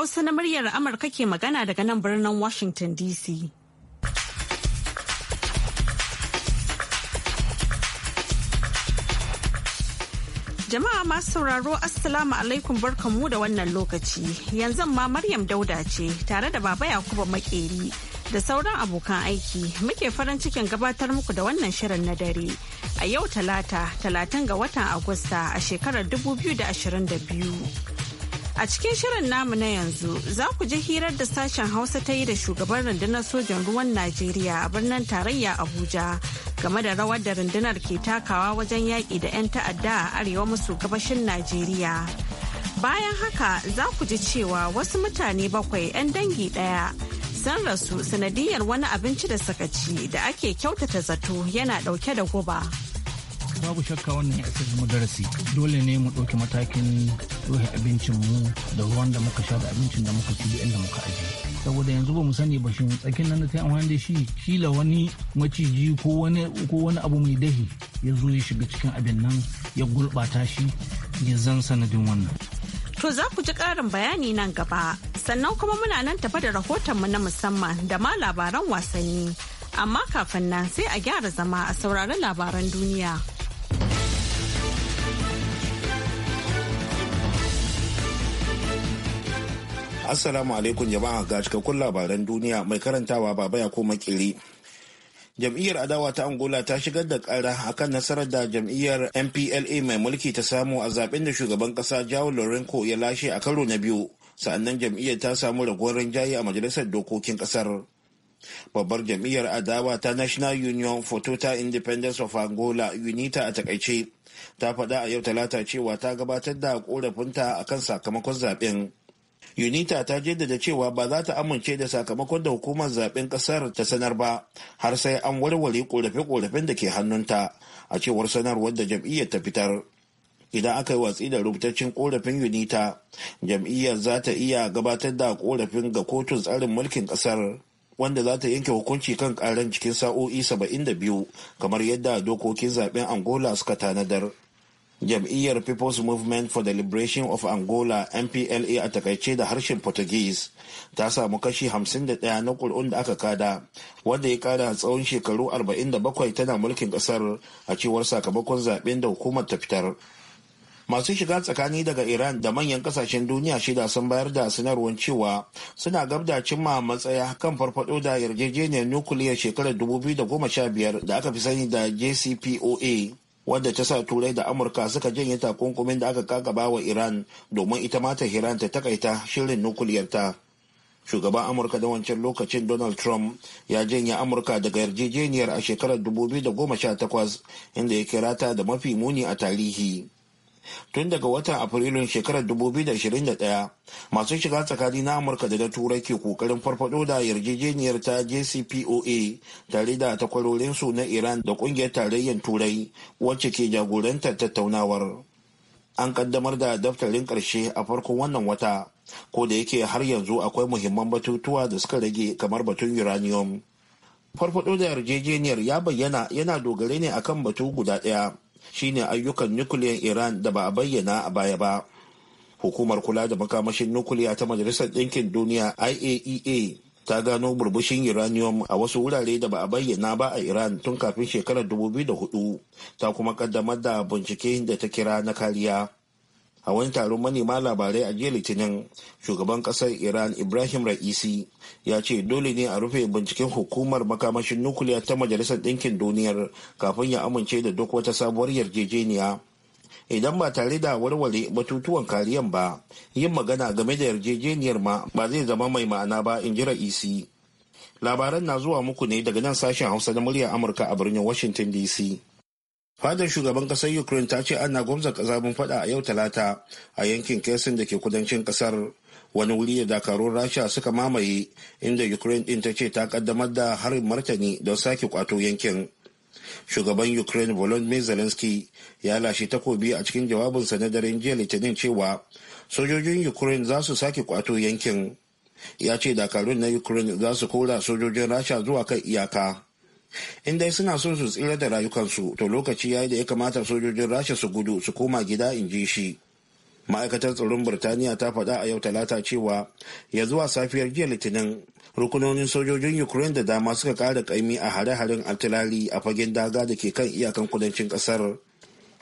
Hausa na muryar Amurka ke magana daga nan birnin Washington DC. Jama'a masu sauraro Assalamu alaikum barkanmu da wannan lokaci. Yanzu ma Maryam Dauda ce tare da Baba Yakubu Makeri da sauran abokan aiki muke farin cikin gabatar muku da wannan shirin na dare. A yau talata, talatin ga watan Agusta a shekarar 2022. A cikin shirin namu na yanzu za ku ji hirar da sashen Hausa ta yi da shugaban rundunar sojan ruwan Najeriya a birnin tarayya Abuja game da rawar da rundunar ke takawa wajen yaƙi da 'yan ta'adda a arewa maso gabashin Najeriya. Bayan haka za ku ji cewa wasu mutane bakwai 'yan dangi ɗaya sun rasu sanadiyar wani abinci da sakaci da ake kyautata zato yana ɗauke da guba. babu shakka wannan ya isa zama darasi dole ne mu ɗauki matakin ɗauki abincin mu da ruwan da muka sha da abincin da muka ci da inda muka aje saboda yanzu ba mu sani ba shi tsakin nan da ta amfani da shi kila wani maciji ko wani abu mai dahi ya zo ya shiga cikin abin nan ya gurɓata shi ya zan sanadin wannan to za ku ji ƙarin bayani nan gaba sannan kuma muna nan tafa da rahotonmu na musamman da ma labaran wasanni amma kafin nan sai a gyara zama a sauraron labaran duniya. Assalamu alaikum jama'a ga cikakkun labaran duniya mai karantawa baba ya koma kiri. Jam'iyyar adawa ta Angola ta shigar da kara akan nasarar da jam'iyyar MPLA mai mulki ta samu a zaben da shugaban ƙasa jawo lorenco ya lashe a karo na biyu. Sa'annan jam'iyyar ta samu raguwar rinjaye a majalisar dokokin ƙasar. Babbar jam'iyyar adawa ta National Union for Total Independence of Angola UNITA a takaice ta faɗa a yau talata cewa ta gabatar da korafinta akan sakamakon zaɓen. unita ta jaddada cewa ba za ta amince da sakamakon da hukumar zaben kasar ta sanar ba har sai an warware korafe-korafen da ke hannunta a cewar sanarwar da jam'iyyar ta fitar idan aka yi watsi da rubutaccen korafin unita jam'iyyar za ta iya gabatar da korafin ga kotun tsarin mulkin kasar wanda za ta yanke hukunci kan karan cikin sa'o'i 72 kamar yadda dokokin zaben angola suka tanadar jam'iyyar people's movement for the liberation of angola mpla a takaice da harshen portuguese ta samu kashi 51 na ƙuri'un da aka kada wanda ya kada tsawon shekaru 47 tana mulkin kasar a cewar sakamakon zaben da hukumar ta fitar masu shiga tsakani daga iran da manyan kasashen duniya shida sun bayar da sanarwar cewa suna gabda cimma matsaya kan farfado da yarjejeniyar nukiliyar shekarar 2015 da aka fi sani da jcpoa wadda ta sa turai da amurka suka janye takunkumin da aka kakaba wa iran domin ita ma ta tehran ta takaita shirin nukuliyarta shugaban amurka da wancan lokacin donald trump ya janye amurka daga yarjejeniyar a shekarar 2018 inda ya kira ta da mafi muni a tarihi tun daga watan afrilun shekarar 2021 masu shiga tsakani na amurka da na turai ke kokarin farfado da yarjejeniyar ta jcpoa tare da takwarorinsu na iran da kungiyar tarayyar turai wacce ke jagorantar tattaunawar an kaddamar da daftarin karshe a farkon wannan wata ko da yake har yanzu akwai muhimman batutuwa da suka rage kamar batun uranium farfado da yarjejeniyar ya bayyana yana dogare ne akan batu guda ɗaya shine ayyukan nukiliyan Iran da ba a bayyana a baya ba. Hukumar kula da makamashin nukiliya ta Majalisar Ɗinkin Duniya IAEA e ta gano burbushin uranium a wasu wurare da ba a bayyana ba a Iran tun kafin shekarar 2004 ta kuma kaddamar da bincike da ta kira na kariya. a wani taron manema labarai a jiya litinin shugaban kasar iran ibrahim ra'isi ya ce dole ne a rufe binciken hukumar makamashin nukuliya ta majalisar ɗinkin duniyar kafin ya amince da duk wata sabuwar yarjejeniya idan ba tare da warware batutuwan kariyan ba yin magana game da yarjejeniyar ma ba zai zama mai ma'ana ba in ji ra'isi labaran na zuwa muku ne daga nan sashen hausa na murya amurka a birnin washington dc fadar shugaban kasar ukraine ta ce ana gwamza kazamin fada a yau talata a yankin kesin da ke kudancin kasar wani wuri da dakarun rasha suka mamaye inda ukraine din ta ce ta kaddamar da harin martani don sake kwato yankin shugaban ukraine volodymyr zelensky ya lashe takobi a cikin jawabinsa na daren jiya litinin cewa sojojin ukraine za su sake kwato yankin ya ce dakarun na ukraine za su kora sojojin rasha zuwa kan iyaka in dai suna so su tsira da rayukansu to lokaci yayi da ya kamata sojojin rasha su gudu su koma gida in ji shi ma'aikatar tsaron birtaniya ta faɗa a yau talata cewa ya zuwa safiyar jiya litinin rukunonin sojojin ukraine da dama suka kara ƙaimi a hare-haren artillery a fagen daga da ke kan iyakan kudancin ƙasar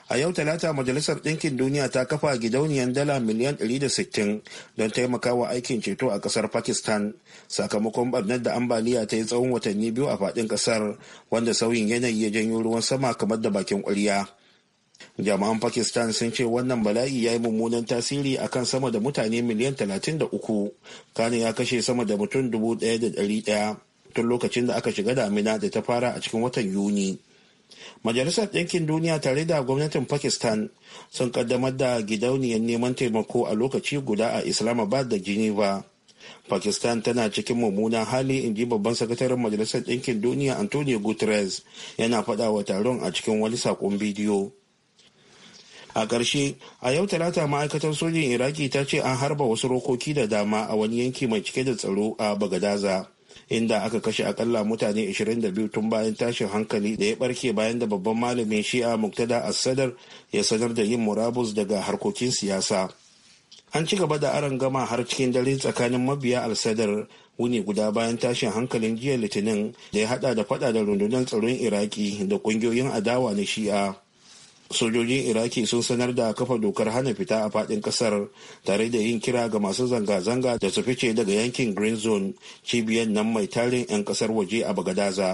a yau talata majalisar ɗinkin duniya ta kafa gidauniyar dala miliyan 160 don taimakawa aikin ceto a ƙasar pakistan sakamakon barnar da ambaliya ta yi tsawon watanni biyu a faɗin ƙasar wanda sauyin yanayi ya janyo ruwan sama kamar da bakin ƙwarya jama'an pakistan sun ce wannan bala'i ya yi mummunan tasiri a kan sama da mutane miliyan 33 kane ya kashe sama da mutum 1,100 tun lokacin da aka shiga damina da ta fara a cikin watan yuni majalisar ɗinkin duniya tare da gwamnatin pakistan sun kaddamar da gidauniyar neman taimako a lokaci guda a islamabad da geneva pakistan tana cikin mummunan hali in ji babban sakataren majalisar ɗinkin duniya antonio guterres yana faɗa wa taron a cikin wani saƙon bidiyo a ƙarshe a yau talata ma'aikatar sojin iraki ta ce an harba wasu rokoki da dama a wani yanki mai cike da tsaro a bagadaza inda aka kashe akalla mutane 22 tun bayan tashin hankali da ya barke bayan da babban malamin shi'a muktada assadar ya sanar da yin murabus daga harkokin siyasa an ci gaba da aron gama har cikin dare tsakanin mabiya al-sadar wuni guda bayan tashin hankalin jiya litinin da ya hada da fada da rundunar tsaron iraki da kungiyoyin adawa na shi'a sojojin iraki sun sanar da kafa dokar hana fita a fadin kasar tare da yin kira ga masu zanga-zanga da su fice daga yankin green zone cibiyar nan mai tarin 'yan kasar waje a bagadaza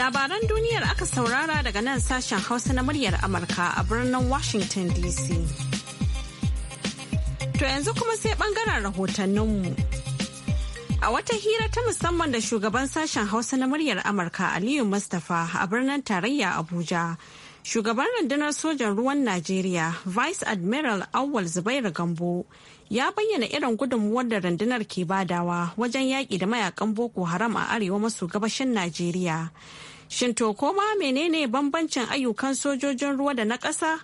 labaran duniyar aka saurara daga nan sashen hausa na muryar amurka a birnin washington dc to yanzu kuma sai bangaren rahotanninmu A wata hira ta musamman da shugaban sashen Hausa na muryar Amurka Aliyu Mustapha a birnin tarayya Abuja. Shugaban rundunar sojan ruwan Najeriya, Vice Admiral Awal Zubairu Gambo, ya bayyana irin gudunmuwar da rundunar ke badawa wajen yaƙi da mayakan Boko Haram a arewa maso gabashin Najeriya. Shin to koma menene bambancin ayyukan sojojin ruwa da na ƙasa?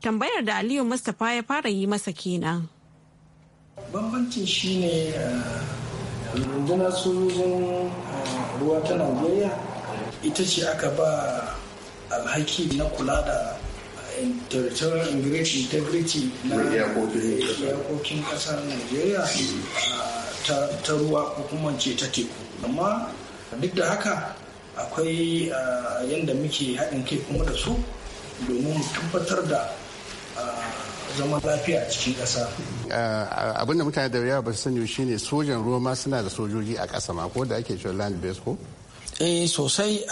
Tambayar da Aliyu Mustapha ya fara yi masa kenan. Bambancin shine rundunar sojojin ah, ruwa ta najeriya ita ce aka ba alhaki na kula da ah, territorial integrity na iyakokin kasar najeriya ah, ta ruwa ko kuma ce ta teku amma duk da haka akwai yadda muke haɗin kai kuma da su domin tabbatar da zaman lafiya a cikin ƙasa. abinda mutane da yawa ba su sani shine sojan ruwa ma suna da sojoji a ƙasa ma ko da ake cewa land base ko eh sosai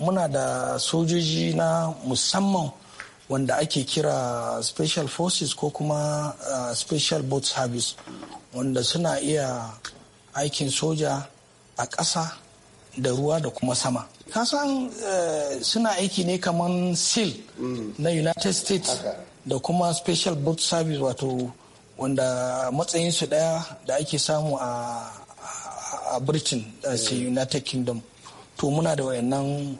muna da sojoji na musamman wanda ake kira special forces ko kuma special boat service wanda suna iya aikin soja a ƙasa da ruwa da kuma sama kasan eh, suna aiki ne kamar seal mm. na united states da kuma special boat service wato wanda matsayinsu daya da ake samu a a britain a eh. united kingdom to muna da wayannan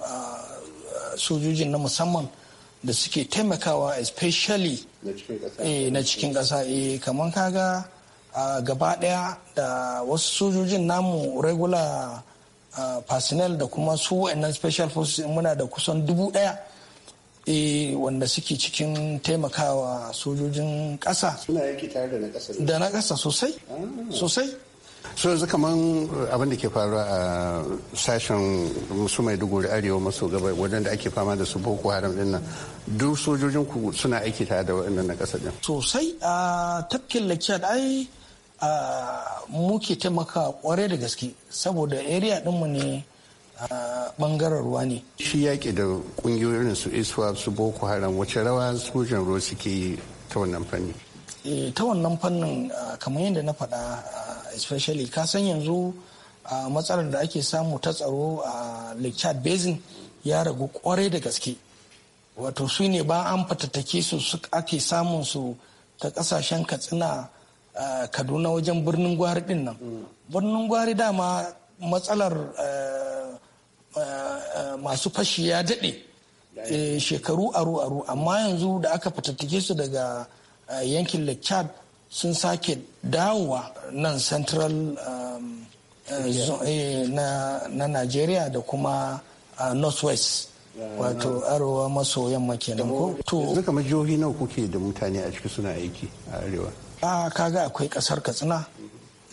sojojin na musamman da suke taimakawa especially na cikin kasa eh, eh kamar kaga gaba daya da wasu sojojin namu regular personnel da kuma su wayannan special forces muna da kusan dubu daya. eh wanda suke cikin taimakawa sojojin ƙasa suna tare da na ƙasa sosai ah. sosai so yanzu kaman uh, abin da ke faruwa a sashen su duguri arewa maso gaba wajen da ake fama da su boko haram din nan duk sojojin ku suna aiki tare da waɗannan na ƙasa din sosai a tafkin lakiyar ai uh, muke taimaka kware da gaske saboda area ɗinmu ne a bangaren ruwa ne. Shi yaƙi da ƙungiyoyin su iswa su Boko Haram wace rawa sojan ruwa suke ta wannan fanni? Eh, ta wannan fannin kamar yadda na faɗa especially ka san yanzu matsalar da ake samu ta tsaro a Lake Chad Basin ya ragu kwarai da gaske. Wato su ne ba an fatattake su ake samun su ta ƙasashen Katsina Kaduna wajen birnin gwari din nan. Mm. Birnin gwari dama matsalar eh, masu fashi ya daɗe eh, shekaru aru aru amma yanzu da aka fitattake su daga eh, yankin lake chad sun sake dawowa nan central um, eh, na nigeria da kuma northwest ah. wato arewa maso yamma kenan ko to yanzu kamar nawa kuke da mutane a ciki suna aiki a arewa a ah, kaga akwai kasar katsina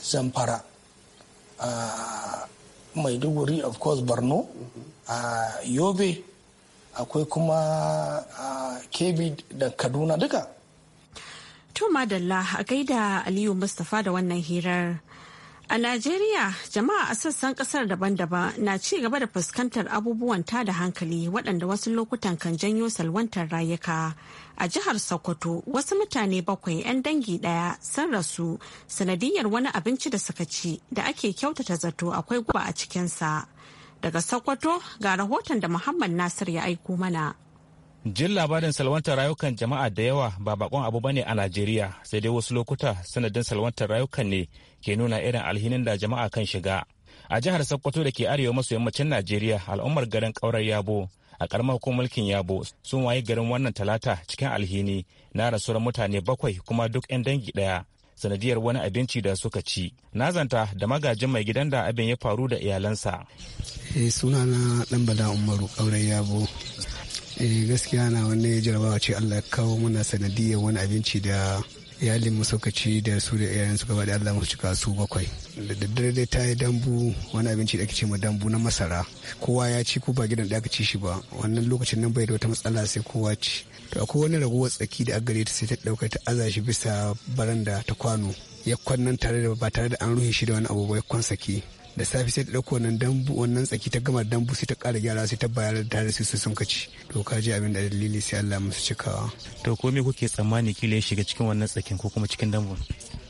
zamfara ah, maiduguri of course borno a yobe akwai kuma a da kaduna duka to madalla a gaida aliyu mustafa da wannan hirar A Najeriya, jama'a a sassan kasar daban-daban na ci gaba da fuskantar abubuwan tada hankali waɗanda wasu lokutan kan janyo salwantar rayuka. A jihar Sokoto, wasu mutane bakwai 'yan dangi ɗaya sun rasu sanadiyar wani abinci da suka ci da ake kyautata zato akwai guba a cikinsa. Daga Sokoto ga rahoton da Muhammad Nasir ya aiko mana. Jin labarin salwantar rayukan jama'a da yawa ba bakon abu bane a Najeriya sai dai wasu lokuta sanadin salwantar rayukan ne ke nuna irin alhinin da jama'a kan shiga a jihar sokoto da ke arewa maso yammacin najeriya al'ummar garin kaurar yabo a karamar hukumulkin mulkin yabo sun waye garin wannan talata cikin alhini na rasuwar mutane bakwai kuma duk 'yan dangi daya sanadiyar wani abinci da suka ci na zanta da magajin mai gidan da abin ya faru da iyalansa eh, suna na dan umaru yabo eh, gaskiya na wani jarabawa ce allah kawo muna sanadiyar wani abinci da iyalin masaukaci da su da iyayen su gaba da Allah musu cika su bakwai da daddare dai ta yi dambu wani abinci da ake ce ma dambu na masara kowa ya ci ko ba gidan da aka ci shi ba wannan lokacin nan bai da wata matsala sai kowa ci to akwai wani raguwar tsaki da aka ta sai ta ɗauka ta aza shi bisa baranda ta kwano ya kwannan tare da ba tare da an ruhe shi da wani abu ba ya kwan saki da safe sai ta ɗauko wannan dambu wannan tsaki ta gama dambu sai ta ƙara gyara sai ta bayar da tare su sun kaci to ka ji abin da dalili sai Allah musu cikawa to ko me kuke tsammani kila ya shiga cikin wannan tsakin ko kuma cikin dambun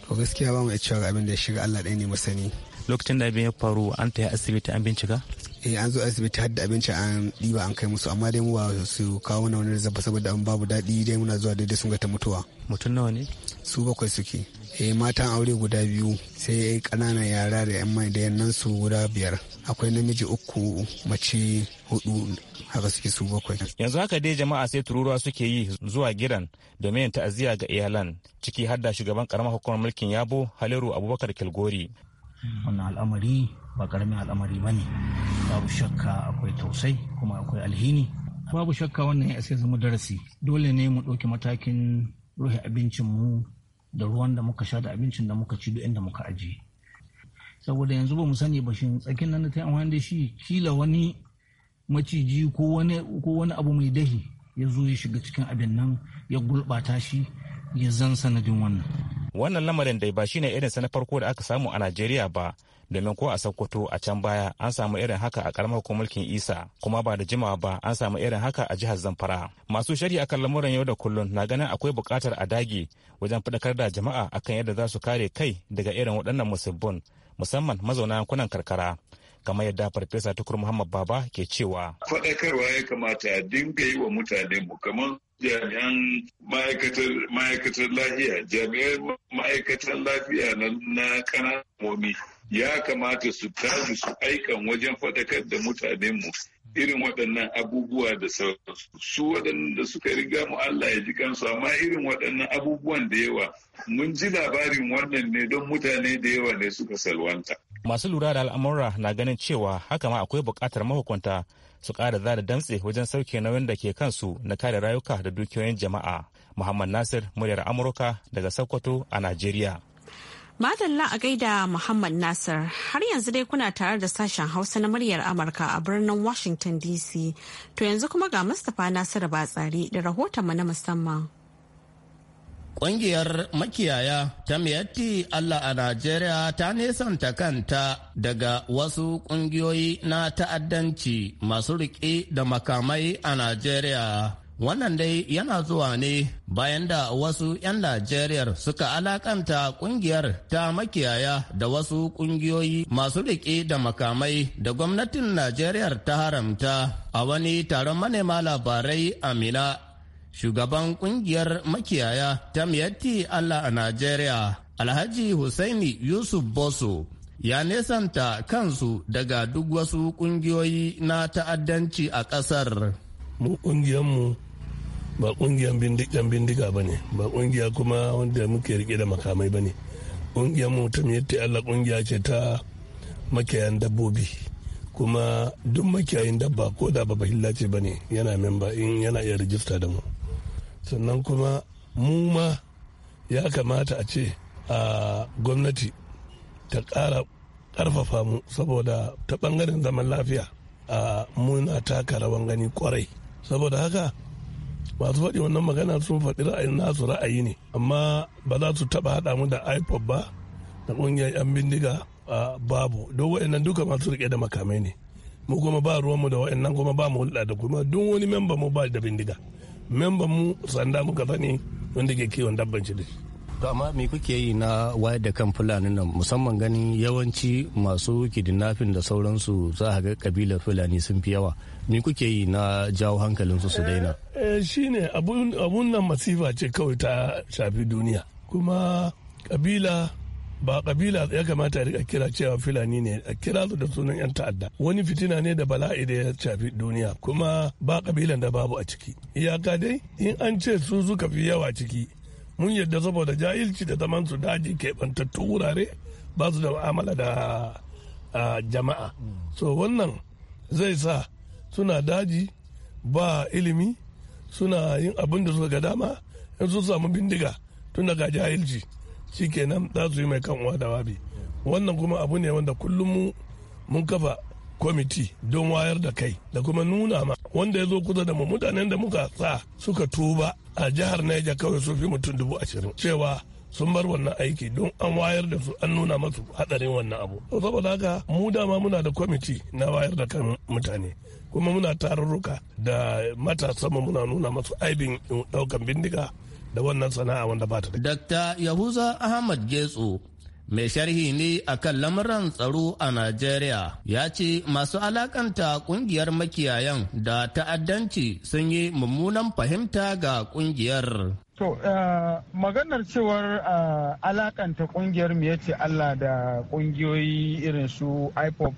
to gaskiya ba mu iya cewa abin da ya shiga Allah ɗaya ne masani lokacin da abin ya faru an ta asibiti an bincika eh an zo asibiti har abinci an ɗiba an kai musu amma dai mu ba su kawo na wani zaba saboda an babu daɗi dai muna zuwa daidai sun ga ta mutuwa mutum nawa ne su bakwai suke eh matan aure guda biyu sai ƙananan yara da yan mai da yannan su guda biyar akwai namiji uku mace hudu haka suke su bakwai yanzu haka dai jama'a sai tururuwa suke yi zuwa gidan domin ta'aziyya ga iyalan ciki hadda shugaban karamar hukumar mulkin yabo haliru abubakar kilgori wannan al'amari ba karamin al'amari ba ne babu shakka akwai tausai kuma akwai alhini babu shakka wannan ya sai zama darasi dole ne mu ɗauki matakin rufe abincinmu da ruwan da muka sha da abincin da muka ci duk inda muka ajiye saboda yanzu ba mu sani ba shin tsakin nan ta amfani da shi kila wani maciji ko wani ko wani abu mai dahi ya zo ya shiga cikin abin nan ya gulbata shi ya zan sanadin wannan wannan lamarin dai ba shine irin sa na farko da aka samu a Najeriya ba domin ko a sokoto a can baya an samu irin haka a karamar mulkin isa kuma ba da jimawa ba an samu irin haka a jihar zamfara masu shari'a akan lamuran yau da kullum na ganin akwai bukatar a dage wajen faɗakar da jama'a akan yadda za su kare kai daga irin waɗannan musibbin musamman mazauna yankunan karkara kamar yadda farfesa tukur muhammad baba ke cewa faɗakarwa ya kamata a dinga yi wa mutane mu kamar jami'an ma'aikatar lafiya jami'an ma'aikatar lafiya na ƙananan momi ya kamata su tashi su aikan wajen faɗakar da mutanenmu irin waɗannan abubuwa da su waɗanda suka riga mu Allah ya ji kansu amma irin waɗannan abubuwan da yawa mun ji labarin wannan ne don mutane da yawa ne suka salwanta. Masu lura da al'amura na ganin cewa haka ma akwai buƙatar mahukunta su ƙara zada damtse wajen sauke nauyin da ke kansu na kare rayuka da dukiyoyin jama'a. Muhammad Nasir, muryar Amurka daga Sokoto a Najeriya. Madalla a gaida Muhammad Nasir har yanzu dai kuna tare da sashen Hausa na muryar Amurka a birnin Washington DC. To yanzu kuma ga Mustapha Nasiru Batsari da rahotonmu na musamman. Ƙungiyar makiyaya ta miyatti Allah a Najeriya ta nesanta kanta daga wasu ƙungiyoyi na ta'addanci masu riƙe da makamai a Najeriya. Wannan dai yana zuwa ne bayan da wasu 'yan Najeriya suka alakanta kungiyar ta makiyaya da wasu kungiyoyi masu riƙe da makamai da gwamnatin Najeriya ta haramta a wani taron manema labarai a Mina. Shugaban kungiyar makiyaya ta miyatti Allah a Najeriya, Alhaji Hussaini Yusuf Boso ya nesanta kansu daga duk wasu kungiyoyi na ta'addanci a ƙasar. Mu ƙungiyarmu ba ƙungiyar bindigan bindiga ba ne ba ƙungiya kuma wanda muke rike da makamai ba ne ƙungiyar mu ta yadda allah kungiya ce ta makiyayan dabbobi kuma duk makiyayin dabba ko da ba bahilla ce ba ne yana memba in yana iya rijista da mu sannan kuma mu ma ya kamata a ce a gwamnati ta ƙara karfafa mu saboda ta ɓangaren zaman lafiya a muna taka rawan gani kwarai saboda haka masu faɗi wannan magana sun faɗi ra'ayin nasu ra'ayi ne amma ba za su taɓa haɗa mu da ipod ba da ƙungiyar 'yan bindiga babu don wa'annan duka masu riƙe da makamai ne mu kuma ba ruwanmu da wa'annan kuma ba mu hulɗa da kuma duk wani memba mu ba da bindiga memba mu sanda muka sani wanda ke kiwon dabban shi to amma me kuke yi na wayar da kan fulani nan musamman ganin yawanci masu kidnapping da sauransu za a ga kabilar fulani sun fi yawa ni kuke yi na jawo hankalin su su daina eh, eh, shine abun nan masifa ce kawai ta shafi duniya kuma kabila ba kabila ya kamata a kira cewa fulani ne a kira su da sunan yan ta'adda wani fitina ne da bala'i da ya shafi duniya kuma ba kabilan da babu a ciki iyaka dai in an ce su suka fi yawa ciki mun yadda saboda jahilci da zaman su daji keɓantattu wurare ba su da mu'amala da ah, jama'a so wannan zai sa suna daji ba ilimi suna yin abin da suka ga dama in su samu bindiga tun daga jahilci shikenan za su yi mai kan uwa da wabi wannan kuma abu ne wanda kullum mun kafa kwamiti don wayar da kai da kuma nuna ma wanda ya zo kusa da mu mutanen da muka sa suka tuba a jihar Niger kawai sun fi mutum dubu ashirin cewa sun bar wannan aiki don an wayar da su an nuna masu hadarin wannan abu saboda haka mu dama muna da kwamiti na wayar da kan mutane kuma muna tarurruka da mu muna nuna masu aibin daukan bindiga da wannan sana'a wanda ba ta da. Dr. Yahuza Ahmad Getso mai sharhi ne akan lamuran tsaro a Najeriya ya ce masu alakanta kungiyar makiyayan da ta'addanci sun yi mummunan fahimta ga kungiyar. To, eh, maganar cewar eh, alakanta kungiyar mu yace Allah da kungiyoyi irin su IPOP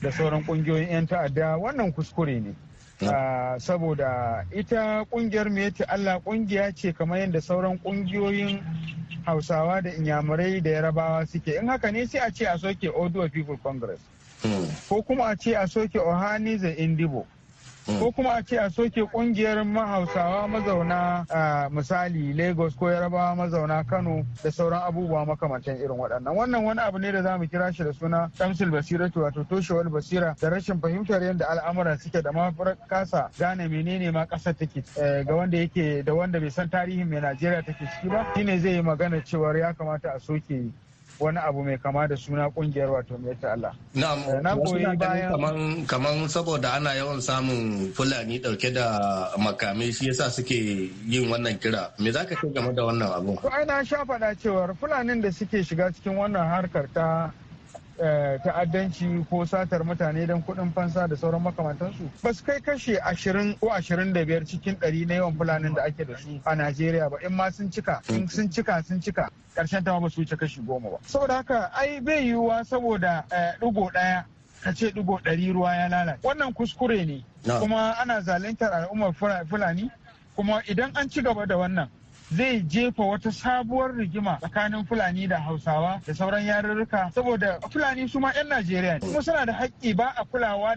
da sauran kungiyoyin 'yan ta'adda wannan kuskure ne. Mm. Eh, saboda ita kungiyar mu yace Allah kungiya ce kamar yadda sauran kungiyoyin Hausawa da Inyamurai da Yarabawa suke. In haka ne sai a ce a soke Oduwa People Congress. Mm. Ko kuma a ce a soke Ohanize Indibo. Mm. ko kuma a ce a soke kungiyar mahausawa mazauna misali lagos ko yarabawa mazauna kano da sauran abubuwa makamantan irin waɗannan wannan wani abu ne da za mu kira shi da suna tamsil basiratu wato toshewar basira da rashin fahimtar yadda al'amura suke da ma kasa gane menene ma kasa take eh, ga wanda yake da wanda bai san tarihin mai najeriya take ciki ba shine zai yi magana cewar ya kamata a soke wani abu mai kama da suna kungiyar wato mai ta Allah. Eh, na goyi bayan kaman saboda ana yawan samun Fulani dauke da makamai shi yasa suke yin wannan kira. Me za ka ce game da wannan abu? Ko aina na sha faɗa cewar Fulanin da suke shiga cikin wannan harkar ta Eh, ta'addanci ko satar mutane don kuɗin fansa da sauran makamantansu ba su kai kashe ashirin ko ashirin da biyar cikin ɗari na yawan fulanin da ake da su a najeriya ba in ma sun cika sun cika sun cika ƙarshen ta ba su wuce kashi goma ba saboda haka ai bai yiwuwa saboda eh, ɗigo ɗaya ka ce ɗigo ɗari ruwa ya lalace wannan kuskure ne kuma ana zaluntar al'ummar fulani kuma idan an ci gaba da wannan zai jefa wata sabuwar rigima tsakanin fulani da hausawa da sauran yarurruka saboda fulani su ma 'yan najeriya ne kuma suna da haƙƙi ba a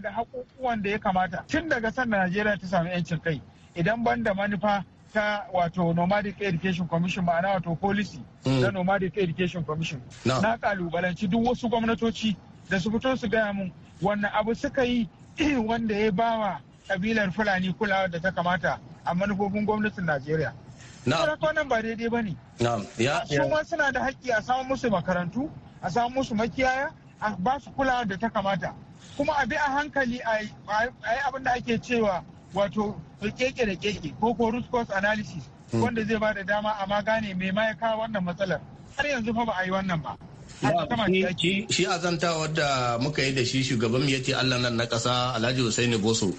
kulawa da haƙuƙuwan da ya kamata tun daga sanda najeriya ta samu 'yancin kai idan ban da manufa ta wato nomadic education commission ma'ana wato policy hmm. na nomadic education commission na kalubalanci duk wasu gwamnatoci da su fito su gaya mun wanne abu suka yi wanda ya bawa kabilar fulani kulawa da ta kamata a manufofin gwamnatin najeriya Na'am. wannan ba daidai ba ne. Na'am. Ya. Su ma suna da haƙƙi a samu musu makarantu, a samu musu makiyaya, a ba su kulawa da ta kamata. Kuma a bi a hankali a yi abin da ake cewa wato keke da keke ko ko root cause analysis hmm. wanda zai ba da dama a magane gane me ma ya kawo wannan matsalar. Har yanzu fa ba a yi wannan ba. shi azantawar da muka yi da shi shugaban ce allah nan na kasa alhaji Hussaini boso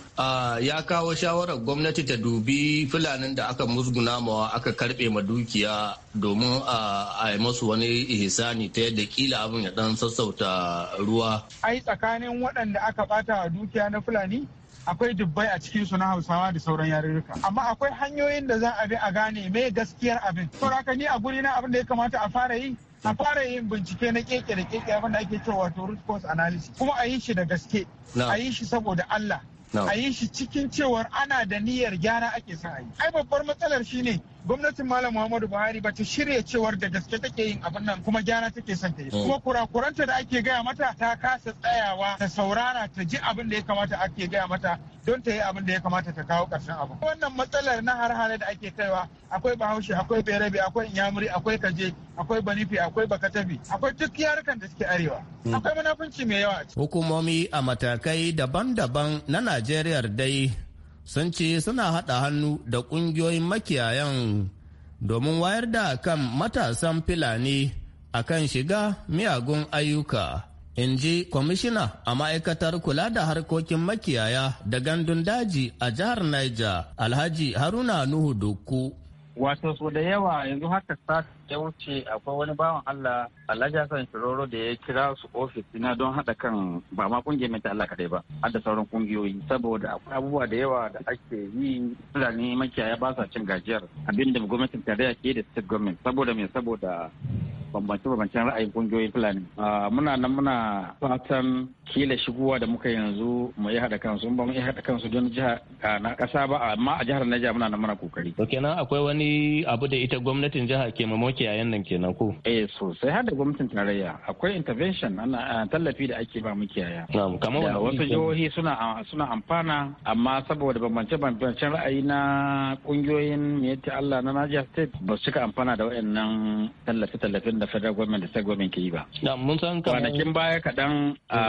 ya kawo shawarar gwamnati ta dubi fulanin da aka musguna mawa aka karbe ma dukiya domin a yi masu wani ihsani ta yadda kila abin ya dan sassauta ruwa ai tsakanin waɗanda aka bata dukiya na fulani akwai dubbai a cikin su na hausawa da sauran yarurruka amma akwai hanyoyin da za a bi a gane mai gaskiyar abin saboda ni a guri na abin da ya kamata a fara yi a fara yin bincike na keke da keke abinda ake cewa wato root cause analysis kuma a yi shi da gaske a yi shi saboda Allah a yi shi cikin cewar ana da niyyar gyara ake sa yi ai babbar matsalar shine gwamnatin malam muhammadu buhari ba ta shirya cewar da gaske take yin abin nan kuma gyara take son ta yi mm. kuma kurakuranta da ake gaya mata ta kasa tsayawa ta saurara ta ji abin da ya kamata ake gaya mata don ta yi abin da ya kamata ta kawo ƙarshen abu wannan matsalar na har da ake kaiwa akwai bahaushe akwai berebe akwai inyamuri akwai kaje akwai banifi akwai bakatabi akwai duk yarukan da suke arewa mm. akwai munafunci mai yawa hukumomi a matakai daban-daban na najeriya dai sun ce suna haɗa hannu da ƙungiyoyin makiyayan domin wayar da kan matasan Fulani a kan shiga miyagun ayyuka. In ji kwamishina a ma'aikatar kula da harkokin makiyaya da gandun daji a jihar Niger, Alhaji Haruna Nuhu Doku. Wato so da yawa yanzu haka ya wuce akwai wani bawan Allah Alhaji Hassan Shiroro da ya kira su ofis na don hada kan ba ma kungiyar mai Allah kadai ba hada sauran kungiyoyi saboda akwai abubuwa da yawa da ake yi fulani makiyaya ba sa cin gajiyar abinda gwamnatin tarayya ke da state government saboda me saboda bambance-bambancen ra'ayin kungiyoyin fulani muna nan muna fatan kila shigowa da muka yanzu mu yi hada kansu ba mu yi hada kansu don jiha na kasa ba amma a jihar Niger muna nan muna kokari to kenan akwai wani abu da ita gwamnatin jiha ke mamaki makiyayan nan kenan ko eh sosai har da gwamnatin tarayya akwai intervention ana tallafi da ake ba makiyaya kamar wasu jihohi suna suna amfana amma saboda bambance bambancen ra'ayi na kungiyoyin miyatti Allah na Niger State ba su cika amfana da wayannan tallafi tallafin da federal government da state government ke yi ba Na'am mun san kamar kwanakin baya kaɗan a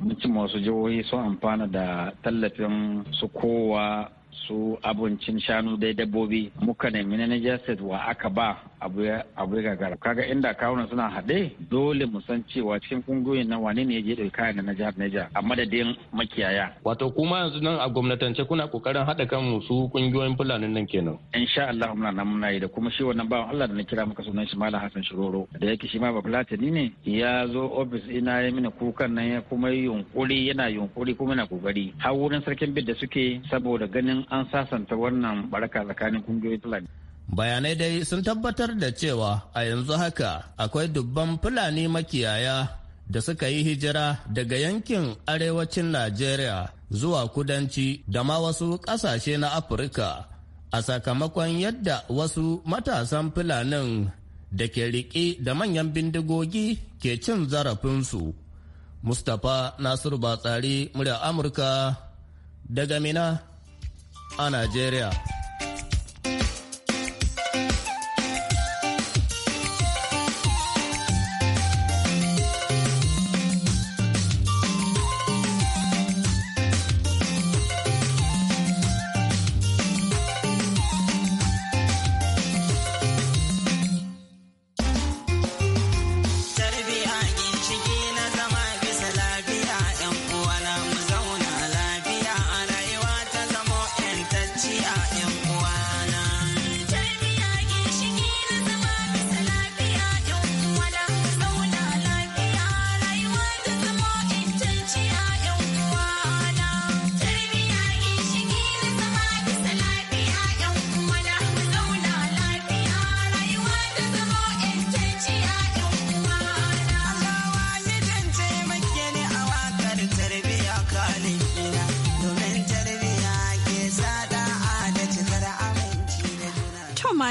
mutum wasu jihohi sun amfana da tallafin su kowa su abincin shanu dai dabbobi muka nemi na Niger State wa aka ba abu ya gagara kaga inda kawunan suna haɗe dole mu san cewa cikin kungiyoyin nan wane ne ya je kayan na jihar Niger a madadin makiyaya wato kuma yanzu nan a gwamnatance kuna kokarin haɗa kan musu kungiyoyin fulanin nan kenan insha Allah muna nan muna yi da kuma shi wannan bawan Allah da na kira maka sunan shi Malam Hassan Shiroro da yake shi ma ba fulatani ne ya zo office ina ya mini kukan nan ya kuma yunkuri yana yunkuri kuma yana kokari har wurin sarkin bid da suke saboda ganin an sasanta wannan baraka tsakanin kungiyoyin fulani bayanai dai sun tabbatar da cewa a yanzu haka akwai dubban fulani makiyaya da suka yi hijira daga yankin arewacin najeriya zuwa kudanci da ma wasu ƙasashe na afirka a sakamakon yadda wasu matasan fulanin da ke riƙe da manyan bindigogi ke cin zarafinsu mustapha nasiru batsari murya amurka daga mina a najeriya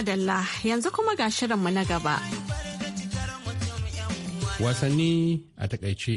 madalla yanzu kuma ga shirinmu na gaba. Wasanni a takaice.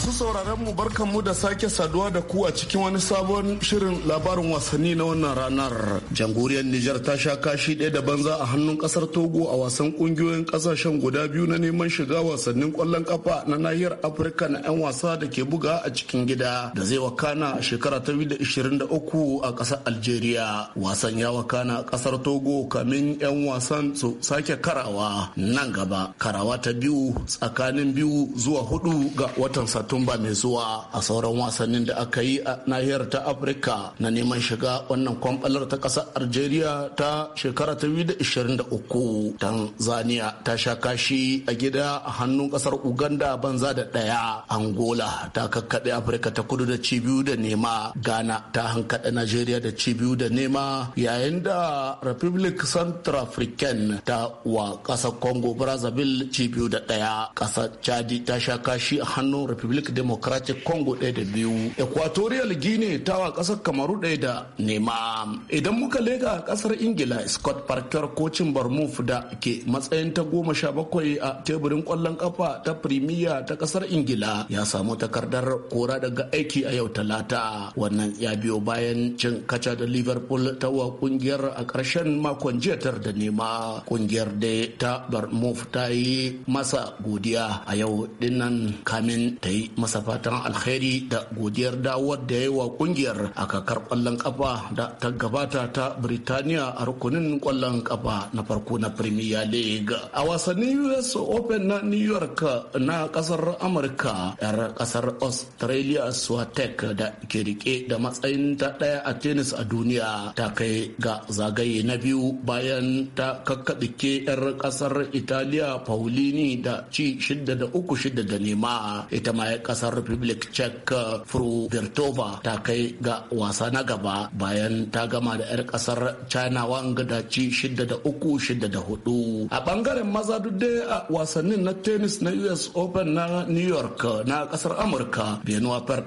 Masu sauraron mu barkanmu da sake saduwa da ku a cikin wani sabon shirin labarin wasanni na wannan ranar. Jamhuriyar Nijar ta sha kashi ɗaya da banza a hannun ƙasar Togo a wasan ƙungiyoyin ƙasashen guda biyu na neman shiga wasannin ƙwallon ƙafa na nahiyar Afirka na 'yan wasa da ke buga a cikin gida da zai wakana a shekara ta uku a ƙasar Algeria. Wasan ya wakana a ƙasar Togo kamin 'yan wasan su sake karawa nan gaba. Karawa ta biyu tsakanin biyu zuwa hudu ga watan Satumba. satumba mai zuwa a sauran wasannin da aka yi a nahiyar ta afirka na neman shiga wannan kwamfalar ta ƙasar algeria ta shekara ta 2023 tanzania ta sha kashi a gida a hannun ƙasar uganda banza da ɗaya angola ta kakkaɗe afirka ta kudu da cibiyu da nema ghana ta hankaɗe najeriya da cibiyu da nema yayin da republic African ta wa ƙasar congo brazzaville cibiyu da ɗaya ƙasar chadi ta sha kashi a hannun republic republic democratic congo ɗaya da biyu equatorial guinea tawa ƙasar kamaru ɗaya da nema idan muka lega ƙasar ingila scott parker kocin barmouth da ke matsayin ta goma sha bakwai a teburin ƙwallon ƙafa ta firimiya ta ƙasar ingila ya samu takardar kora daga aiki a yau talata wannan ya biyo bayan cin kaca da liverpool ta wa ƙungiyar a ƙarshen makon jiya tar da nema ƙungiyar da ta barmouth ta yi masa godiya a yau dinnan kamin ta yi yi masa fatan alheri da godiyar dawar da ya yi wa kungiyar a kakar kwallon kafa da ta gabata ta Birtaniya a rukunin kwallon kafa na farko na Premier League. A wasannin US Open na New York na kasar Amurka, 'yar kasar Australia Swatek da ke rike da matsayin ta ɗaya a tennis a duniya ta kai ga zagaye na biyu bayan ta ke 'yar kasar Italiya Paulini da ci shidda da uku shidda da nema. Ita ma baya kasar republic czech uh, Ventova ta kai ga wasa na gaba bayan ta gama da 'yar kasar china wanga da ci 6 da 3 da 4 a bangaren maza dai a wasannin na tennis na us open na new york uh, na kasar amurka benoit fer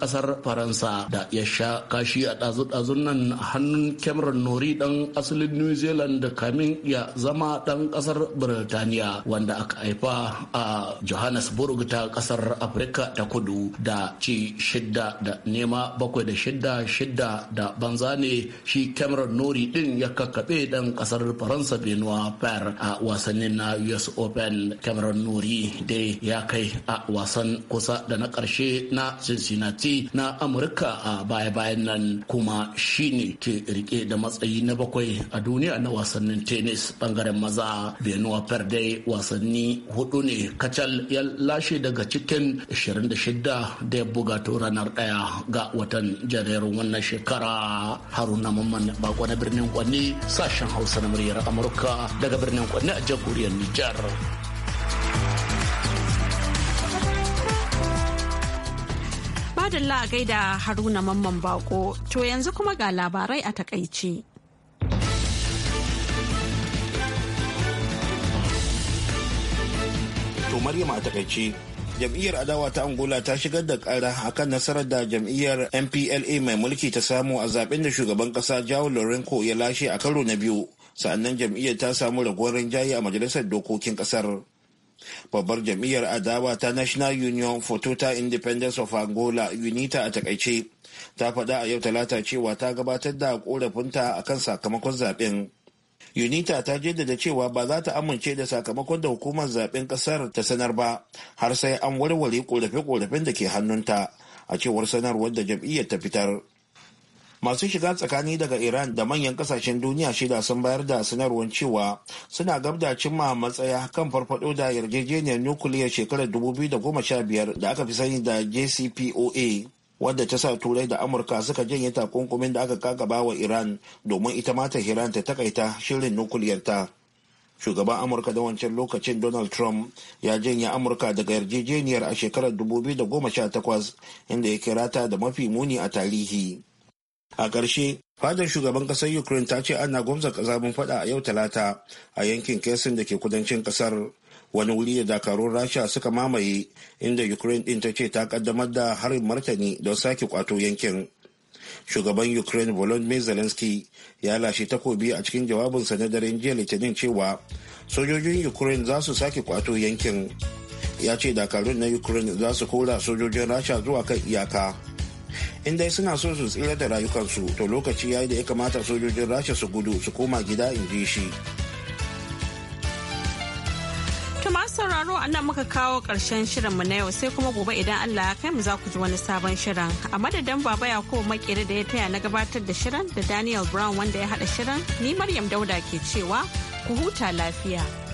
kasar faransa da ya sha kashi a dazu-dazun nan hannun cameron nori dan asalin new zealand kamin ya zama dan kasar birtaniya wanda aka haifa a johannesburg ta kasar afirka duka ta kudu da ci shidda da nema bakwai da shidda shidda da banza ne shi cameron nori din ya kakkaɓe dan kasar faransa benoit pair a wasannin na us open cameron nori dai ya kai a wasan kusa da na ƙarshe na cincinnati na amurka a baya-bayan nan kuma shine ke rike da matsayi na bakwai a duniya na wasannin tennis bangaren maza benoit pair dai wasanni hudu ne kacal ya lashe daga cikin 26 da ya buga to ranar ɗaya ga watan janairun wannan shekara haruna mamman bako na birnin kwanni sashen hausa na muryar amurka daga birnin kwanni a jamhuriyar nijar Madalla gaida haruna mamman bako to yanzu kuma ga labarai a takaice. To Maryam a takaice jam'iyyar adawa ta angola ta shigar da kara akan nasarar da jam'iyyar mpla mai mulki ta samu a zaben da shugaban kasa jawo lorenco ya lashe a karo na biyu sa'annan jam'iyyar ta samu raguwar rinjaye a majalisar dokokin kasar babbar jam'iyyar adawa ta national union for total independence of angola unita a takaice ta faɗa a yau talata cewa ta gabatar da korafinta akan sakamakon zaben unita ta jaddada cewa ba za ta amince da sakamakon da hukumar zaben kasar ta sanar ba har sai an warware korafe-korafen da ke hannunta a cewar sanarwar da jam'iyyar ta fitar masu shiga tsakani daga iran da manyan kasashen duniya shida sun bayar da sanarwar cewa suna gabda cimma matsaya kan farfado da yarjejeniyar nukuliyar shekarar 2015 da aka fi sani da jcpoa wadda ta sa turai da amurka suka janye takunkumin da aka kakaba wa iran domin ita ma ta tehran ta takaita shirin nukuliyarta shugaban amurka da wancan lokacin donald trump ya janye amurka daga yarjejeniyar a shekarar 2018 inda ya kira ta da mafi muni a tarihi a ƙarshe fadar shugaban ƙasar ukraine ta ce ana gwamza ƙazamin fada a yau talata a yankin kesin da ke kudancin ƙasar wani wuri da dakarun rasha suka mamaye inda ukraine din ta ce ta kaddamar da harin martani don sake kwato yankin shugaban ukraine volodymyr zelensky ya lashe takobi a cikin jawabinsa na daren jiya litinin cewa sojojin ukraine za su sake kwato yankin ya ce dakarun na ukraine za su kora sojojin rasha zuwa kan iyaka in dai suna so su tsira da rayukansu to lokaci ya yi da ya kamata sojojin rasha su gudu su koma gida in ji shi sauraro a nan muka kawo ƙarshen shirinmu na yau sai kuma gobe idan Allah ya kai mu za ku ji wani sabon shirin. A madadin Baba Yakubu Makere da ya taya na gabatar da shirin da Daniel Brown wanda ya haɗa shirin, ni Maryam Dauda ke cewa ku huta lafiya.